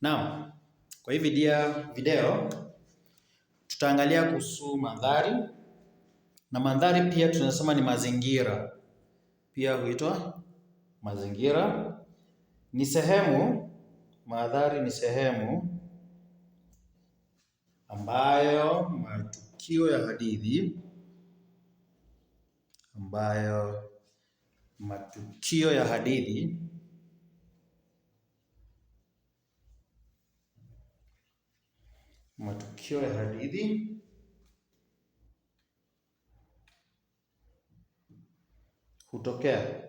Naam, kwa hii video tutaangalia kuhusu mandhari na mandhari pia tunasema ni mazingira, pia huitwa mazingira. Ni sehemu, mandhari ni sehemu ambayo matukio ya hadithi ambayo matukio ya hadithi matukio ya hadithi hutokea.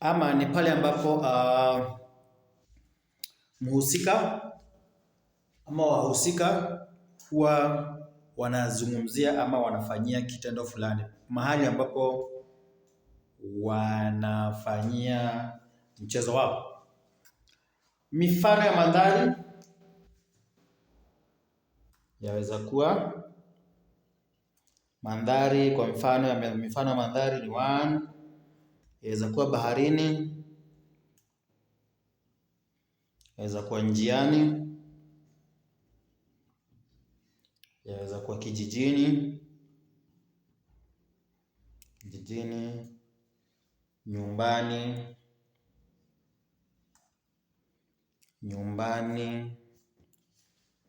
Ama ni pale ambapo uh, mhusika ama wahusika huwa wanazungumzia ama wanafanyia kitendo fulani, mahali ambapo wanafanyia mchezo wao. Mifano ya mandhari yaweza kuwa mandhari, kwa mfano ya mifano ya mandhari ni one, yaweza kuwa baharini, yaweza kuwa njiani, yaweza kuwa kijijini, jijini, nyumbani nyumbani,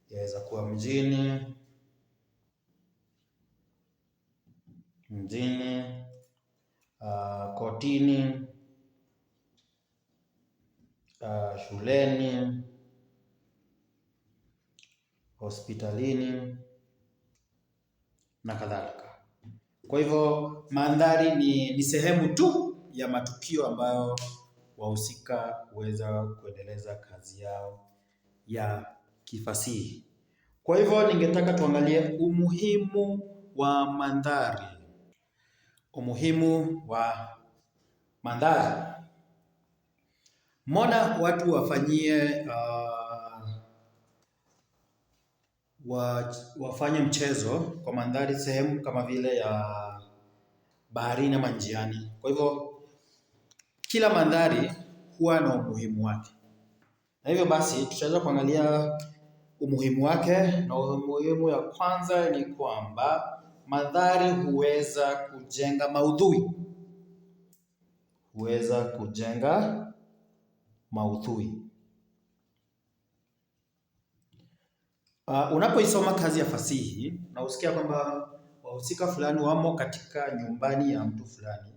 yaweza kuwa mjini, mjini, uh, kotini, uh, shuleni, hospitalini na kadhalika. Kwa hivyo mandhari ni, ni sehemu tu ya matukio ambayo wahusika kuweza kuendeleza kazi yao ya kifasihi. Kwa hivyo, ningetaka tuangalie umuhimu wa mandhari. Umuhimu wa mandhari. Mbona watu wafanyie uh, wa, wafanye mchezo kwa mandhari sehemu kama vile ya baharini ama njiani? Kwa hivyo kila mandhari huwa na umuhimu wake, na hivyo basi tutaweza kuangalia umuhimu wake, na umuhimu ya kwanza ni kwamba mandhari huweza kujenga maudhui, huweza kujenga maudhui. Uh, unapoisoma kazi ya fasihi na usikia kwamba wahusika fulani wamo katika nyumbani ya mtu fulani,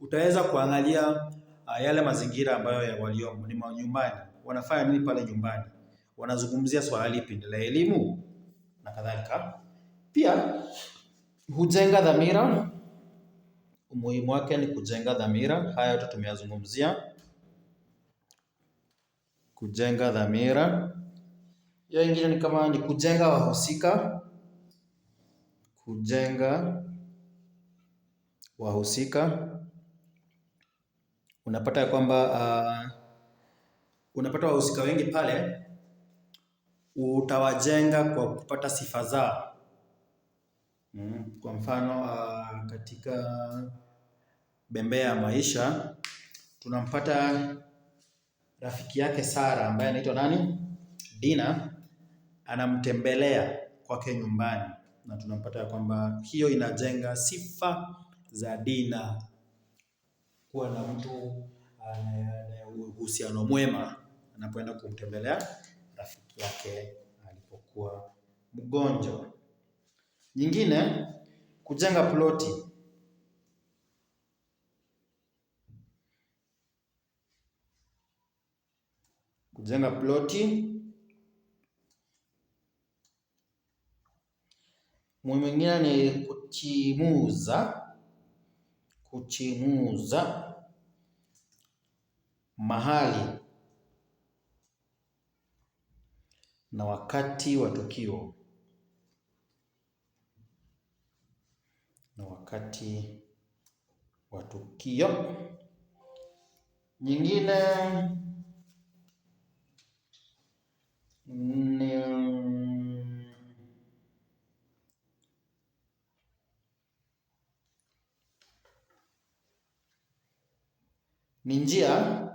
utaweza kuangalia Ah, yale mazingira ambayo ya waliomo ni nyumbani, wanafanya nini pale nyumbani, wanazungumzia swala lipi la elimu na kadhalika. Pia hujenga dhamira, umuhimu wake ni kujenga dhamira. Haya yote tumeyazungumzia, kujenga dhamira. Hiyo ingine ni kama ni kujenga wahusika, kujenga wahusika unapata kwamba uh, unapata wahusika wengi pale utawajenga kwa kupata sifa zao. Mm, kwa mfano uh, katika Bembea ya Maisha tunampata rafiki yake Sara ambaye anaitwa nani, Dina, anamtembelea kwake nyumbani, na tunampata ya kwamba hiyo inajenga sifa za Dina kuwa na mtu ah, uhusiano mwema anapoenda kumtembelea rafiki yake alipokuwa mgonjwa. Nyingine, kujenga ploti. Kujenga ploti. Mwingine ni kuchimuza, kuchimuza mahali na wakati wa tukio na wakati wa tukio. Nyingine ni ni njia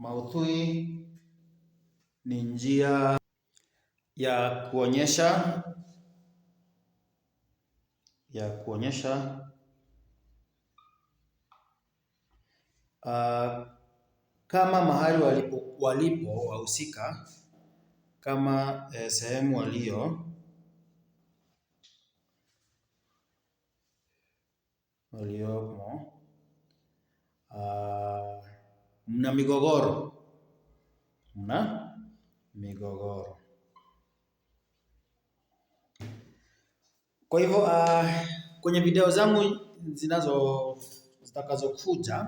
Maudhui ni njia ya kuonyesha ya kuonyesha uh, kama mahali walipo walipo wahusika kama eh, sehemu walio waliomo na migogoro na migogoro. Kwa hivyo uh, kwenye video zangu zinazo zitakazokuja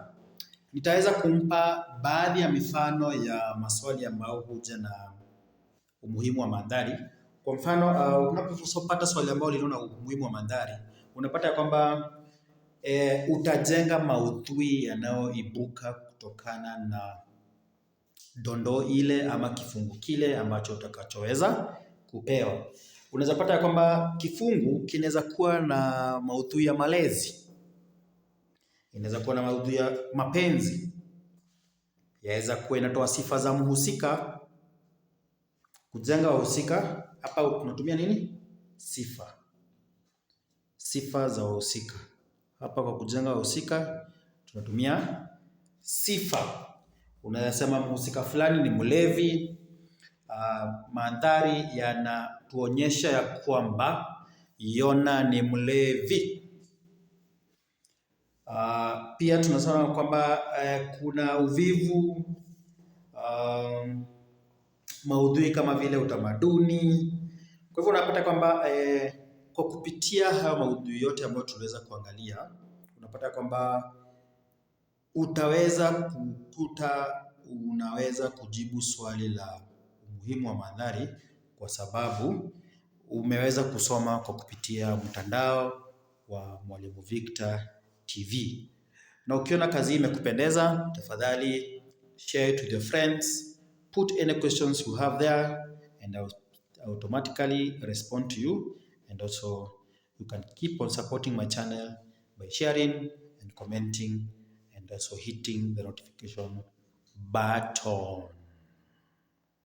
nitaweza kumpa baadhi ya mifano ya maswali ambayo huja na umuhimu wa mandhari. Kwa mfano uh, unapopata swali ambalo linaona na umuhimu wa mandhari, unapata ya kwamba e, utajenga maudhui yanayoibuka kutokana na dondoo ile ama kifungu kile ambacho utakachoweza kupewa. Unaweza pata ya kwamba kifungu kinaweza kuwa na maudhui ya malezi, inaweza kuwa na maudhui ya mapenzi, yaweza kuwa inatoa sifa za mhusika, kujenga wahusika. Hapa tunatumia nini? Sifa, sifa za wahusika. Hapa kwa kujenga wahusika tunatumia sifa. Unasema mhusika fulani ni mlevi. Uh, mandhari yanatuonyesha ya kwamba Yona ni mlevi. Uh, pia tunasema kwamba uh, kuna uvivu uh, maudhui kama vile utamaduni. Kwa hivyo unapata kwamba uh, kwa kupitia hayo maudhui yote ambayo tunaweza kuangalia unapata kwamba utaweza kukuta unaweza kujibu swali la umuhimu wa mandhari kwa sababu umeweza kusoma kwa kupitia mtandao wa Mwalimu Victor TV. Na ukiona kazi hii imekupendeza, tafadhali share to your friends, put any questions you have there and I'll automatically respond to you and also you can keep on supporting my channel by sharing and commenting so hitting the notification button